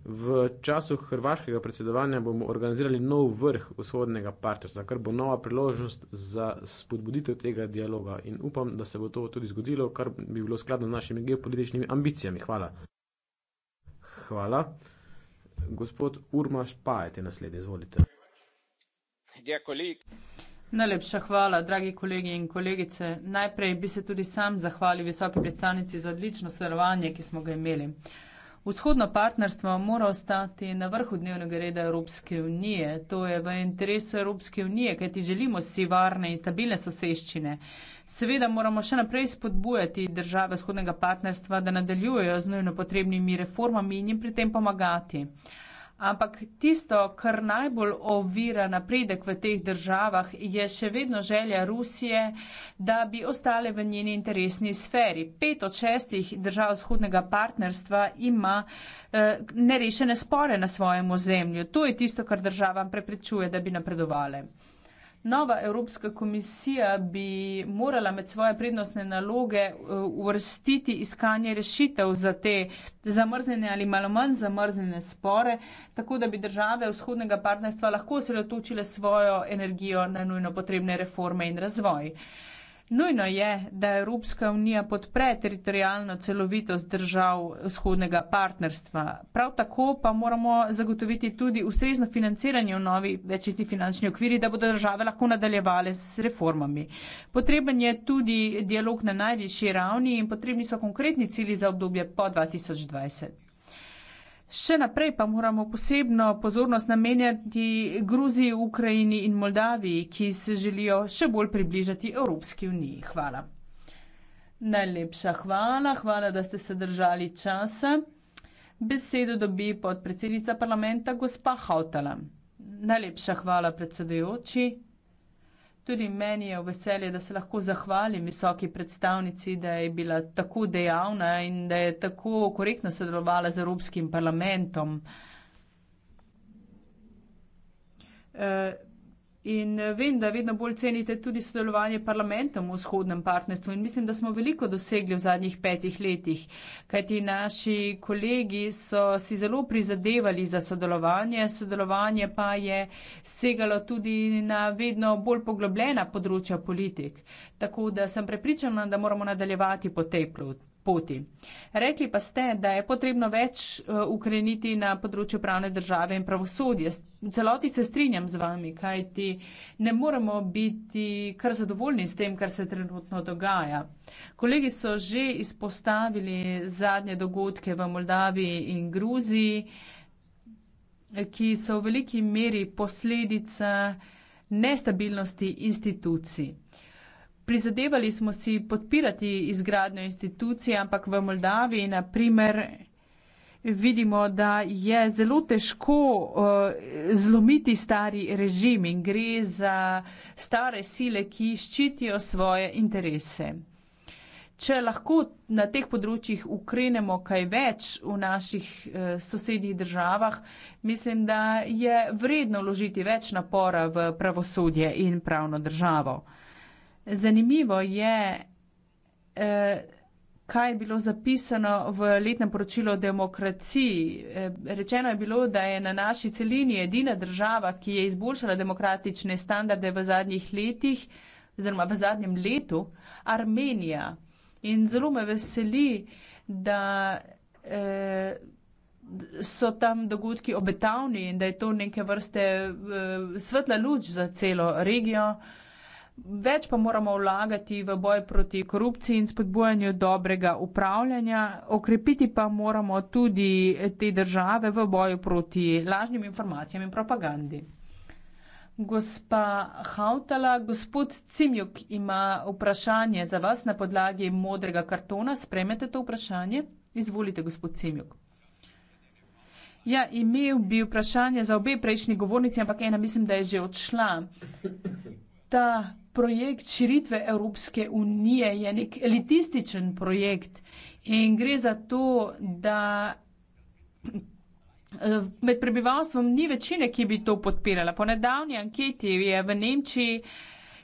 V času hrvaškega predsedovanja bomo organizirali nov vrh vzhodnega partnerstva, kar bo nova priložnost za spodbuditev tega dialoga. In upam, da se bo to tudi zgodilo, kar bi bilo skladno z našimi geopolitičnimi ambicijami. Hvala. Hvala. Gospod Urmaš Pajet je naslednji, izvolite. Ja, kolik. Najlepša hvala, dragi kolegi in kolegice. Najprej bi se tudi sam zahvalil visoki predstavnici za odlično sodelovanje, ki smo ga imeli. Uh, Vzhodno partnerstvo mora ostati na vrhu dnevnega reda Evropske unije. To je v interesu Evropske unije, kaj ti želimo si varne in stabilne soseščine. Seveda moramo še naprej spodbujati države vzhodnega partnerstva, da nadaljujejo z nujno potrebnimi reformami in jim pri tem pomagati. Ampak tisto, kar najbolj ovira napredek v teh državah, je še vedno želja Rusije, da bi ostale v njeni interesni sferi. Pet od šestih držav vzhodnega partnerstva ima eh, nerešene spore na svojem ozemlju. To je tisto, kar državam preprečuje, da bi napredovali. Nova Evropska komisija bi morala med svoje prednostne naloge eh, uvrstiti iskanje rešitev za te zamrznjene ali malo manj zamrznjene spore, tako da bi države vzhodnega partnerstva lahko osredotočile svojo energijo na nujno potrebne reforme in razvoj. Nujno je, da Evropska unija podpre teritorijalno celovitost držav vzhodnega partnerstva. Prav tako pa moramo zagotoviti tudi ustrezno financiranje v novi večetni finančni okviri, da bodo države lahko nadaljevale s reformami. Potreben je tudi dialog na najvišji ravni in potrebni so konkretni cili za obdobje po 2020. Še naprej pa moramo posebno pozornost namenjati Gruziji, Ukrajini in Moldaviji, ki se želijo še bolj približati Evropski uniji. Hvala. Najlepša hvala, hvala, da ste se držali časa. Besedo dobi podpredsednica parlamenta, gospa Hautala. Najlepša hvala, predsedujoči. Tudi meni je v veselje, da se lahko zahvalim visoki predstavnici, da je bila tako dejavna in da je tako korektno sodelovala z Evropskim parlamentom. Uh, In eh, vem, da vedno bolj cenite tudi sodelovanje parlamentom v vzhodnem partnerstvu in mislim, da smo veliko dosegli v zadnjih petih letih, kajti naši kolegi so si zelo prizadevali za sodelovanje, sodelovanje pa je segalo tudi na vedno bolj poglobljena področja politik. Tako da sem prepričana, da moramo nadaljevati po tej plot poti. Rekli pa ste, da je potrebno več eh, ukreniti na področju pravne države in pravosodja. V celoti se strinjam z vami, kajti ne moremo biti kar zadovoljni s tem, kar se trenutno dogaja. Kolegi so že izpostavili zadnje dogodke v Moldaviji in Gruziji, ki so v veliki meri posledica nestabilnosti institucij. Prizadevali smo si podpirati izgradnjo institucij, ampak v Moldaviji, na primer, vidimo, da je zelo težko uh, zlomiti stari režim in gre za stare sile, ki ščitijo svoje interese. Če lahko na teh področjih ukrenemo kaj več v naših uh, sosednjih državah, mislim, da je vredno ložiti več napora v pravosodje in pravno državo. Zanimivo je, eh, kaj je bilo zapisano v letnem poročilu o demokraciji. Eh, rečeno je bilo, da je na naši celini edina država, ki je izboljšala demokratične standarde v zadnjih letih, oziroma v zadnjem letu, Armenija. In zelo me veseli, da eh, so tam dogodki obetavni in da je to neke vrste svetla luč za celo regijo. Več pa moramo vlagati v boj proti korupciji in spodbujanju dobrega upravljanja, okrepiti pa moramo tudi te države v boju proti lažnim informacijam in propagandi. Gospa Hautala, gospod Cimjuk ima vprašanje za vas na podlagi modrega kartona. Spremete to vprašanje? Izvolite, gospod Cimjuk. Ja, imel bi vprašanje za obe prejšnji govornici, ampak ena mislim, da je že odšla. Ta projekt širitve Evropske unije je nek elitističen projekt in gre za to, da eh, med prebivalstvom ni večine, ki bi to podpirala. Po nedavni anketi je v Nemčiji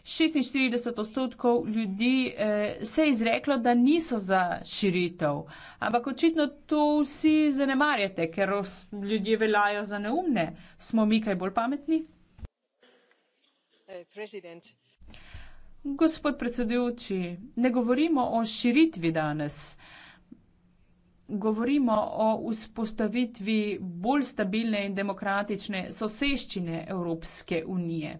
46 odstotkov ljudi eh, se je izreklo, da niso za širitev. Ampak očitno to vsi zanemarjate, ker ljudje veljajo za neumne. Smo mi kaj bolj pametni? Eh, Predsednik, Gospod predsedujoči, ne govorimo o širitvi danes, govorimo o vzpostavitvi bolj stabilne in demokratične soseščine Evropske unije.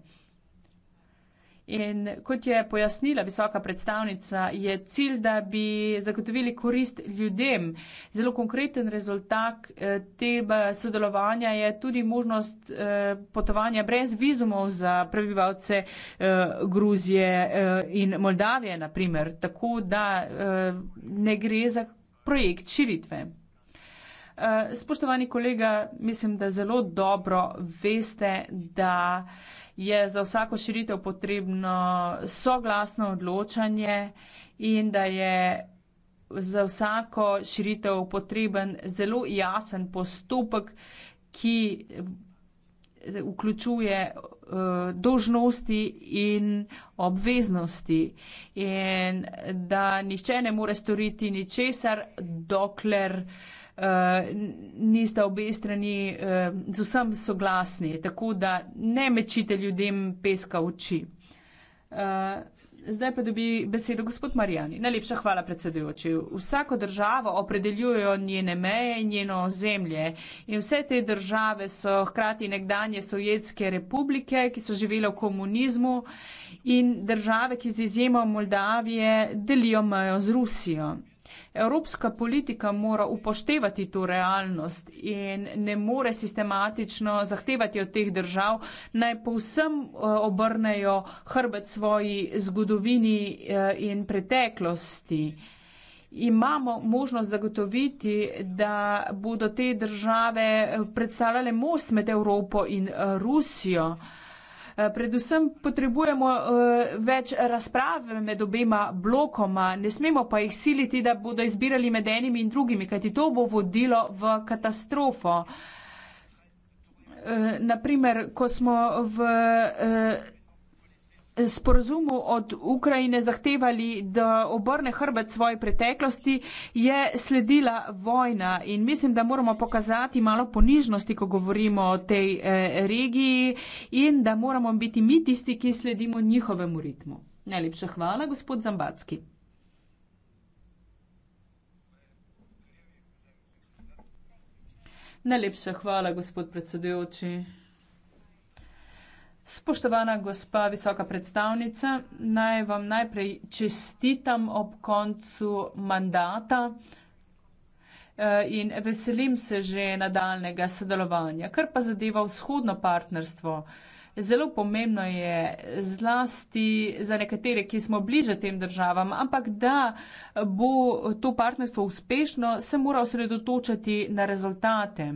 In kot je pojasnila visoka predstavnica, je cilj, da bi zagotovili korist ljudem. Zelo konkreten rezultat eh, tega sodelovanja je tudi možnost eh, potovanja brez vizumov za prebivalce eh, Gruzije in Moldavije, naprimer. tako da ne gre za projekt širitve. Spoštovani kolega, mislim, da zelo dobro veste, da je za vsako širitev potrebno soglasno odločanje in da je za vsako širitev potreben zelo jasen postopek, ki eh, vključuje uh, eh, dožnosti in obveznosti in da nihče ne more storiti ničesar, dokler uh, Eh, nista obe strani eh, z vsem soglasni, tako da ne mečite ljudem peska v oči. Eh, zdaj pa dobi besedo gospod Marijani. Najlepša hvala, predsedujoči. Vsako državo opredeljujejo njene meje in njeno ozemlje. In vse te države so hkrati nekdanje sovjetske republike, ki so živele v komunizmu in države, ki z izjemo Moldavije delijo mejo z Rusijo. Evropska politika mora upoštevati to realnost in ne more sistematično zahtevati od teh držav, naj povsem eh, obrnejo hrbet svoji zgodovini eh, in preteklosti. Imamo možnost zagotoviti, da bodo te države eh, predstavljale most med Evropo in Rusijo. Eh, predvsem potrebujemo eh, več razprave med obema blokoma, ne smemo pa jih siliti, da bodo izbirali med enimi in drugimi, kajti to bo vodilo v katastrofo. Eh, Naprimer, ko smo v sporozumu od Ukrajine zahtevali, da obrne hrbet svoje preteklosti, je sledila vojna. In mislim, da moramo pokazati malo ponižnosti, ko govorimo o tej eh, regiji in da moramo biti mi tisti, ki sledimo njihovemu ritmu. Najlepša hvala, gospod Zambacki. Najlepša hvala, gospod predsedujoči. Spoštovana gospa visoka predstavnica, naj vam najprej čestitam ob koncu mandata eh, in veselim se že nadaljnega sodelovanja. Kar pa zadeva vzhodno partnerstvo, zelo pomembno je zlasti za nekatere, ki smo bliže tem državam, ampak da bo to partnerstvo uspešno, se mora osredotočati na rezultate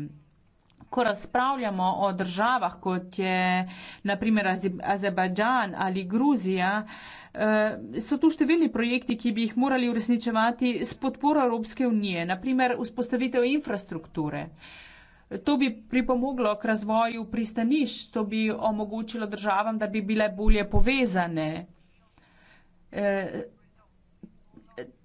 ko razpravljamo o državah, kot je naprimer Azerbajdžan ali Gruzija, eh, so tu številni projekti, ki bi jih morali uresničevati s podporo Evropske unije, naprimer vzpostavitev infrastrukture. To bi pripomoglo k razvoju pristaniš, to bi omogočilo državam, da bi bile bolje povezane. Eh,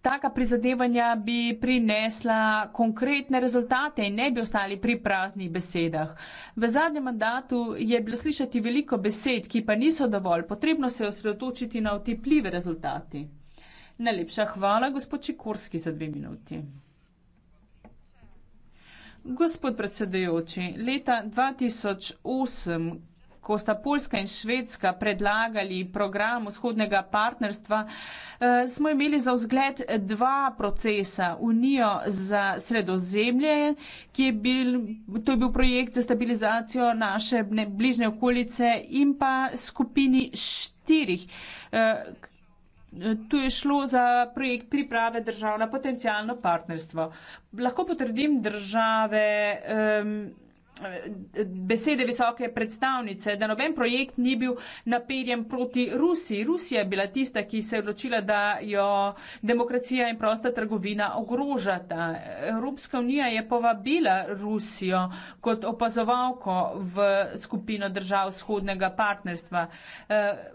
Taka prizadevanja bi prinesla konkretne rezultate in ne bi ostali pri praznih besedah. V zadnjem mandatu je bilo slišati veliko besed, ki pa niso dovolj. Potrebno se je osredotočiti na otepljive rezultate. Najlepša hvala, gospod Čikorski, za dve minuti. Gospod predsedajoči, leta 2008 ko sta Poljska in Švedska predlagali program vzhodnega partnerstva, eh, smo imeli za vzgled dva procesa. Unijo za sredozemlje, ki je bil, to je bil projekt za stabilizacijo naše bližnje okolice in pa skupini štirih. Eh, tu je šlo za projekt priprave držav na potencijalno partnerstvo. Lahko potrdim države. Um, besede visoke predstavnice, da noben projekt ni bil naperjen proti Rusiji. Rusija je bila tista, ki se je odločila, da jo demokracija in prosta trgovina ogrožata. Evropska unija je povabila Rusijo kot opazovalko v skupino držav vzhodnega partnerstva. Eh,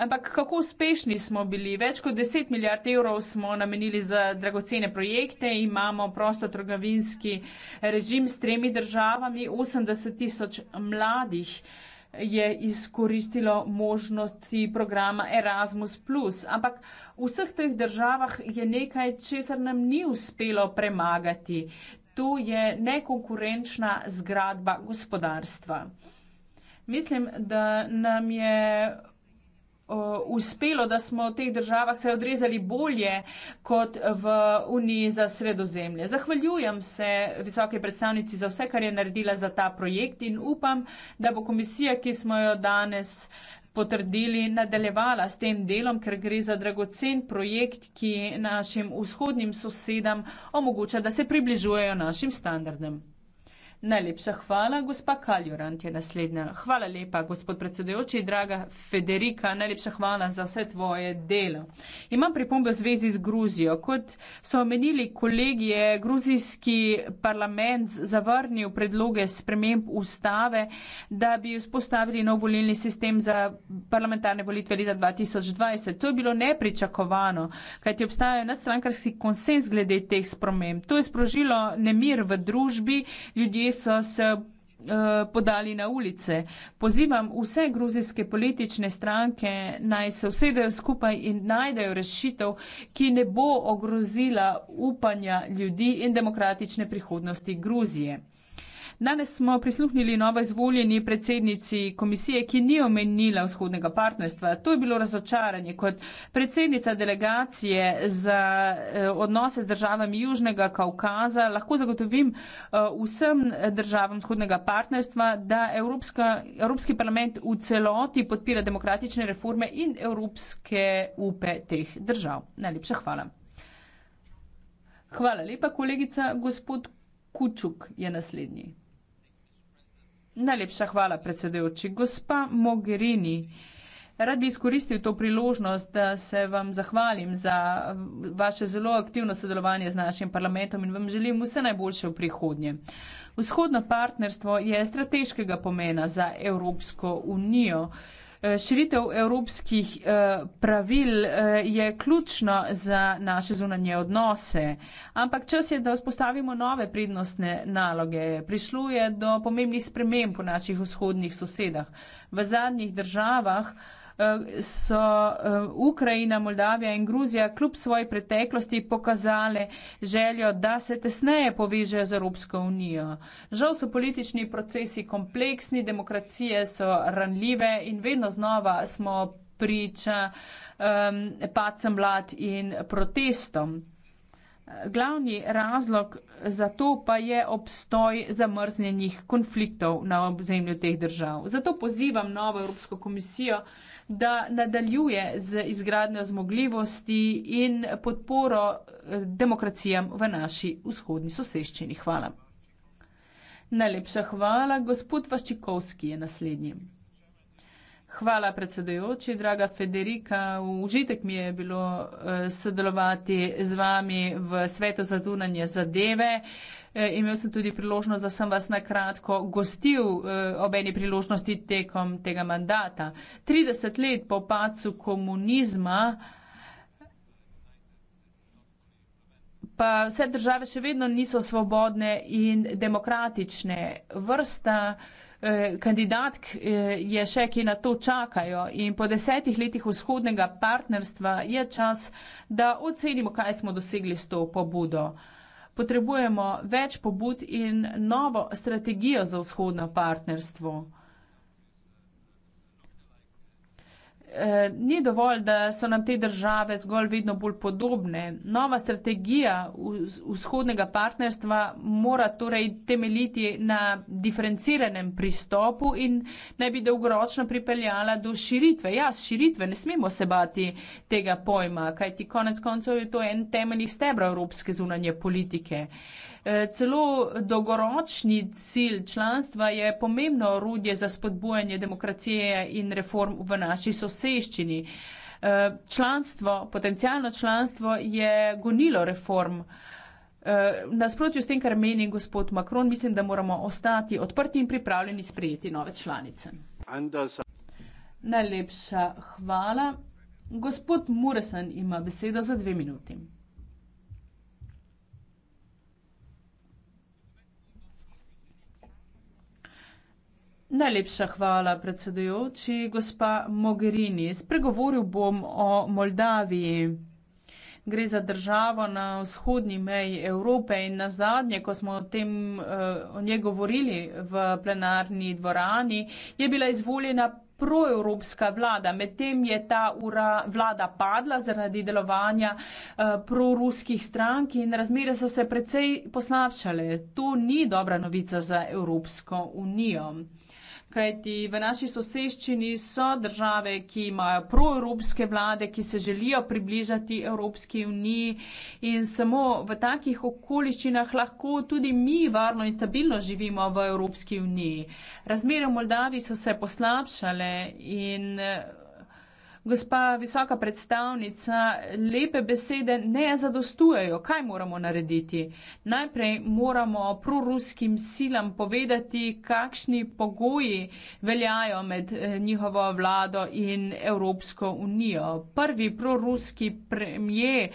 Ampak kako uspešni smo bili? Več kot 10 milijard evrov smo namenili za dragocene projekte, imamo prostotrgovinski režim s tremi državami, 80 tisoč mladih je izkoristilo možnosti programa Erasmus. Ampak v vseh teh državah je nekaj, česar nam ni uspelo premagati. To je nekonkurenčna zgradba gospodarstva. Mislim, da nam je Eh, uspelo, da smo v teh državah se odrezali bolje kot v Uniji za sredozemlje. Zahvaljujem se visoke predstavnici za vse, kar je naredila za ta projekt in upam, da bo komisija, ki smo jo danes potrdili, nadaljevala s tem delom, ker gre za dragocen projekt, ki našim vzhodnim sosedam omogoča, da se približujejo našim standardem. Najlepša hvala, gospa Kaljurant je naslednja. Hvala lepa, gospod predsedujoči, draga Federika, najlepša hvala za vse tvoje delo. Imam pripombe v zvezi z Gruzijo. Kot so omenili kolegi, je gruzijski parlament zavrnil predloge sprememb ustave, da bi vzpostavili nov volilni sistem za parlamentarne volitve leta 2020. To je bilo nepričakovano, kajti obstajajo nadstrankarski konsens glede teh sprememb. To je sprožilo nemir v družbi, ljudje so se eh, podali na ulice. Pozivam vse gruzijske politične stranke naj se vsedejo skupaj in najdejo rešitev, ki ne bo ogrozila upanja ljudi in demokratične prihodnosti Gruzije. Danes smo prisluhnili novo izvoljeni predsednici komisije, ki ni omenila vzhodnega partnerstva. To je bilo razočaranje. Kot predsednica delegacije za eh, odnose z državami Južnega Kaukaza lahko zagotovim eh, vsem državam vzhodnega partnerstva, da Evropska, Evropski parlament v celoti podpira demokratične reforme in evropske upe teh držav. Najlepša hvala. Hvala lepa, kolegica. Gospod Kučuk je naslednji. Najlepša hvala, predsedujoči. Gospa Mogherini, rad bi izkoristil to priložnost, da se vam zahvalim za vaše zelo aktivno sodelovanje z našim parlamentom in vam želim vse najboljše v prihodnje. Vzhodno partnerstvo je strateškega pomena za Evropsko unijo. Uh, Eh, širitev evropskih eh, pravil eh, je ključna za naše zunanje odnose, ampak čas je, da vzpostavimo nove prednostne naloge. Prišlo je do pomembnih sprememb v naših vzhodnih sosedah. V zadnjih državah Eh, so eh, Ukrajina, Moldavija in Gruzija kljub svoji preteklosti pokazale željo, da se tesneje povežejo z Evropsko unijo. Žal so politični procesi kompleksni, demokracije so ranljive in vedno znova smo priča um, ehm, pacem vlad in protestom. Glavni razlog za to pa je obstoj zamrznjenih konfliktov na obzemlju teh držav. Zato pozivam novo Evropsko komisijo, da nadaljuje z izgradnjo zmogljivosti in podporo eh, demokracijam v naši vzhodni soseščini. Hvala. Najlepša hvala. Gospod Vaščikovski je naslednji. Hvala, predsedujoči, draga Federika. Užitek mi je bilo eh, sodelovati z vami v svetu za tunanje zadeve. Eh, imel sem tudi priložnost, da sem vas na kratko gostil eh, ob eni priložnosti tekom tega mandata. 30 let po pacu komunizma pa vse države še vedno niso svobodne in demokratične vrsta. Eh, kandidatk eh, je še, ki na to čakajo. In po desetih letih vzhodnega partnerstva je čas, da ocenimo, kaj smo dosegli s to pobudo. Potrebujemo več pobud in novo strategijo za vzhodno partnerstvo. eh, ni dovolj, da so nam te države zgolj vedno bolj podobne. Nova strategija vzhodnega partnerstva mora torej temeljiti na diferenciranem pristopu in naj bi dolgoročno pripeljala do širitve. Ja, širitve ne smemo se bati tega pojma, kajti konec koncev je to en temeljni stebr evropske zunanje politike. Eh, Eh, celo dolgoročni cilj članstva je pomembno orodje za spodbujanje demokracije in reform v naši soseščini. Eh, članstvo, potencijalno članstvo je gonilo reform. Eh, nasprotju s tem, kar meni gospod Macron, mislim, da moramo ostati odprti in pripravljeni sprejeti nove članice. Najlepša hvala. Gospod Muresan ima besedo za dve minuti. Najlepša hvala, predsedujoči, gospa Mogherini. Spregovoril bom o Moldaviji. Gre za državo na vzhodni meji Evrope in na zadnje, ko smo o tem eh, o njej govorili v plenarni dvorani, je bila izvoljena proevropska vlada. Medtem je ta ura, vlada padla zaradi delovanja eh, proruskih strank in razmere so se precej poslabšale. To ni dobra novica za Evropsko unijo kajti v naši soseščini so države, ki imajo proevropske vlade, ki se želijo približati Evropski uniji in samo v takih okoliščinah lahko tudi mi varno in stabilno živimo v Evropski uniji. Razmere v Moldavi so se poslabšale in Gospa visoka predstavnica, lepe besede ne zadostujejo. Kaj moramo narediti? Najprej moramo proruskim silam povedati, kakšni pogoji veljajo med eh, njihovo vlado in Evropsko unijo. Prvi proruski premijer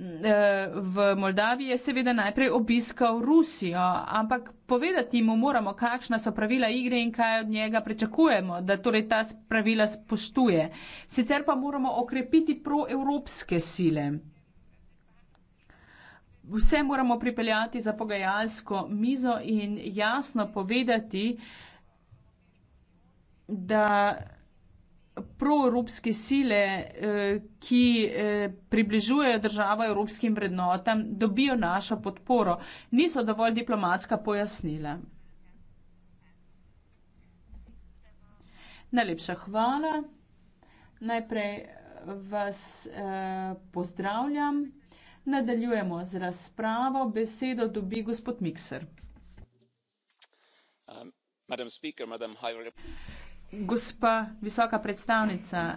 Eh, v Moldaviji je seveda najprej obiskal Rusijo, ampak povedati mu moramo, kakšna so pravila igre in kaj od njega pričakujemo, da torej ta pravila spoštuje. Sicer pa moramo okrepiti proevropske sile. Vse moramo pripeljati za pogajalsko mizo in jasno povedati, da proevropske sile, eh, ki eh, približujejo državo evropskim vrednotam, dobijo našo podporo. Niso dovolj diplomatska pojasnila. Najlepša hvala. Najprej vas eh, pozdravljam. Nadaljujemo z razpravo. Besedo dobi gospod Mikser. Um, madam speaker, madam high representative. Gospa visoka predstavnica,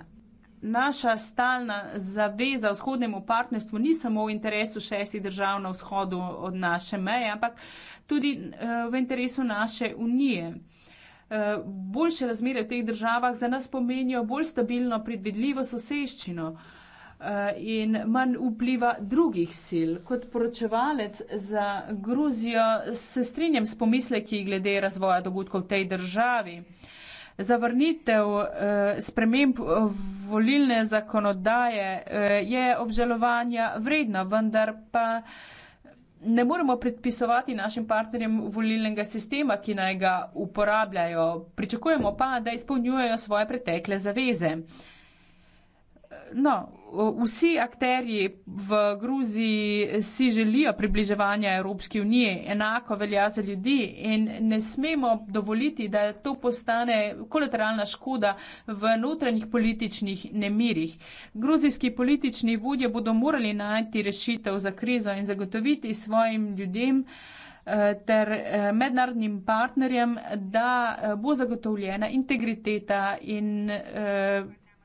naša stalna zaveza vzhodnemu partnerstvu ni samo v interesu šestih držav na vzhodu od naše meje, ampak tudi eh, v interesu naše unije. Eh, boljše razmere v teh državah za nas pomenijo bolj stabilno, predvidljivo soseščino eh, in manj vpliva drugih sil. Kot poročevalec za Gruzijo se strinjam s pomisleki glede razvoja dogodkov v tej državi zavrnitev eh, sprememb eh, volilne zakonodaje eh, je obžalovanja vredna, vendar pa ne moremo predpisovati našim partnerjem volilnega sistema, ki naj ga uporabljajo. Pričakujemo pa, da izpolnjujejo svoje pretekle zaveze. Eh, no, vsi akteri v Gruziji si želijo približevanja Evropski uniji, enako velja za ljudi in ne smemo dovoliti, da to postane kolateralna škoda v notranjih političnih nemirih. Gruzijski politični vodje bodo morali najti rešitev za krizo in zagotoviti svojim ljudem eh, ter eh, mednarodnim partnerjem, da eh, bo zagotovljena integriteta in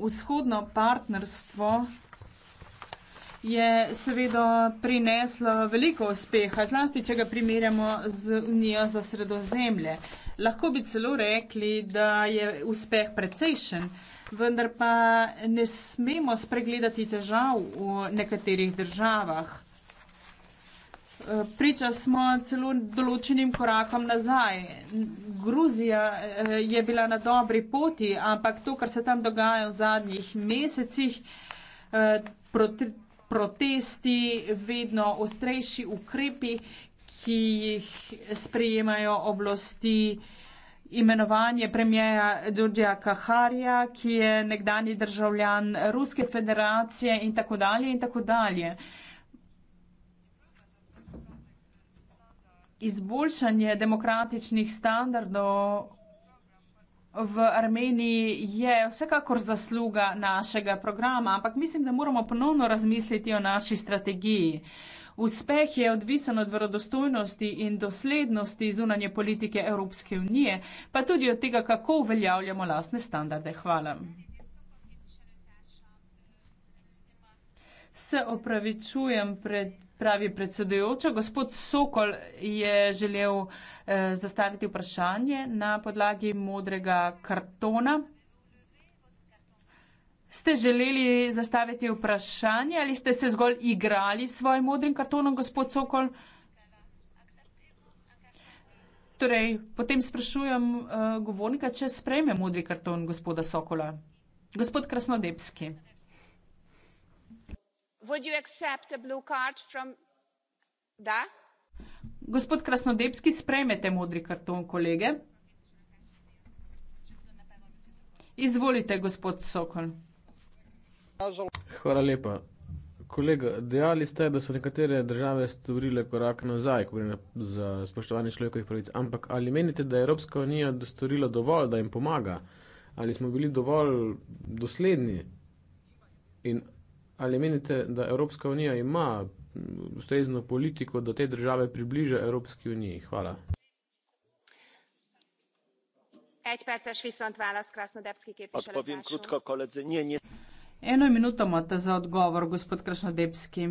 vzhodno partnerstvo je seveda prineslo veliko uspeha, zlasti če ga primerjamo z Unijo za sredozemlje. Lahko bi celo rekli, da je uspeh precejšen, vendar pa ne smemo spregledati težav v nekaterih državah priča smo celo določenim korakom nazaj. Gruzija eh, je bila na dobri poti, ampak to, kar se tam dogaja v zadnjih mesecih, eh, protesti, vedno ostrejši ukrepi, ki jih sprejemajo oblasti, imenovanje premjeja Đurđeja Kaharja, ki je nekdani državljan Ruske federacije in tako dalje in tako dalje. izboljšanje demokratičnih standardov v Armeniji je vsekakor zasluga našega programa, ampak mislim, da moramo ponovno razmisliti o naši strategiji. Uspeh je odvisen od verodostojnosti in doslednosti zunanje politike Evropske unije, pa tudi od tega, kako uveljavljamo lastne standarde. Hvala. Se opravičujem pred Pravi predsedujoča, gospod Sokol je želel eh, zastaviti vprašanje na podlagi modrega kartona. Ste želeli zastaviti vprašanje ali ste se zgolj igrali s svojim modrim kartonom, gospod Sokol? Torej, potem sprašujem eh, govornika, če sprejme modri karton gospoda Sokola. Gospod Krasnodebski gospod krasnodbski sprejmete modri karton kolege izvolite gospod sokol hvala lepa kolega dejali ste da so nekatere države storile korak nazaj ko gre za spoštovanje človekovih pravic ampak ali menite da je evropska unija storila dovolj da jim pomaga ali smo bili dovolj dosledni in Ali menite, da Evropska unija ima ustrezno politiko, da te države približa Evropski uniji? Hvala. Perceš, Odpovim krutko, koledze. Nije, nije. Eno minuto imate za odgovor, gospod Krasnodebski.